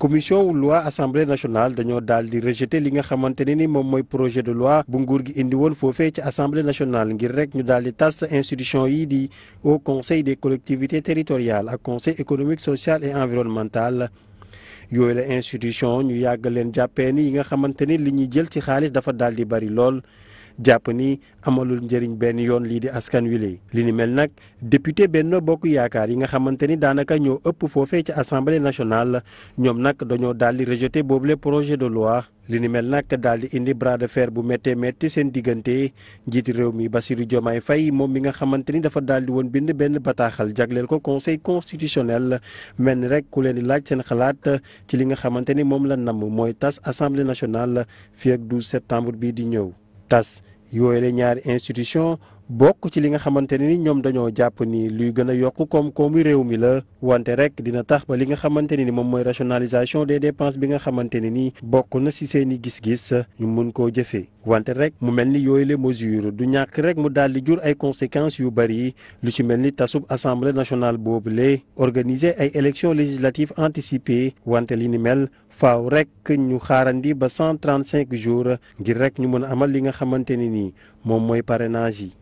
commission wu loi assemblée nationale dañoo daal di rejeté li nga xamante ne ni moom mooy projet de loi bu nguur gi indi woon foofee ci assemblée nationale ngir rek ñu daal di tas institution yii di au conseil des collectivité territoriales ak conseil économique social et environnemental yooyu la institution ñu yàgg leen jàppee ni yi nga xamante ni li ñuy jël ci xaalis dafa daal di bari lool. jàpp ni amalul njëriñ benn yoon lii di askan wi li li ni mel nag député benn Bokk Yaakaar yi nga xamante ni daanaka ñoo ëpp foofee ci assemblée nationale ñoom nag dañoo daal di boobu boobule projet de loi li ni mel nag daal di indi bras de fer bu méttee métti seen diggante njiiti réew mi ba Bassirou Diomaye Faye moom mi nga xamante ni dafa daal di woon bind benn bataaxal jagleel ko conseil constitutionnel mel ni rek ku leen di laaj seen xalaat ci li nga xamante ni moom la namm mooy tas assemblée nationale fii ak 12 septembre bii di ñëw tas yooyu la ñaari institution bokk ci li nga xamante ne ni ñoom dañoo jàpp ni luy gën a yokk koom-koomu réew mi la wante rek dina tax ba li nga xamante ne ni moom mooy rationalisation des dépenses bi nga xamante ne ni bokk na ci seen i gis-gis ñu mën koo jëfee wante rek mu mel ni yooyu la mesure du ñàkk rek mu daal di jur ay conséquences yu bari lu ci mel ni tasub assemblée nationale boobu la organiser ay élections législatives anticipées wante li ni mel faaw rek ñu xaarandi ba 135 jours ngir rek ñu mën a amal li nga xamante ne nii moom mooy parrainage yi.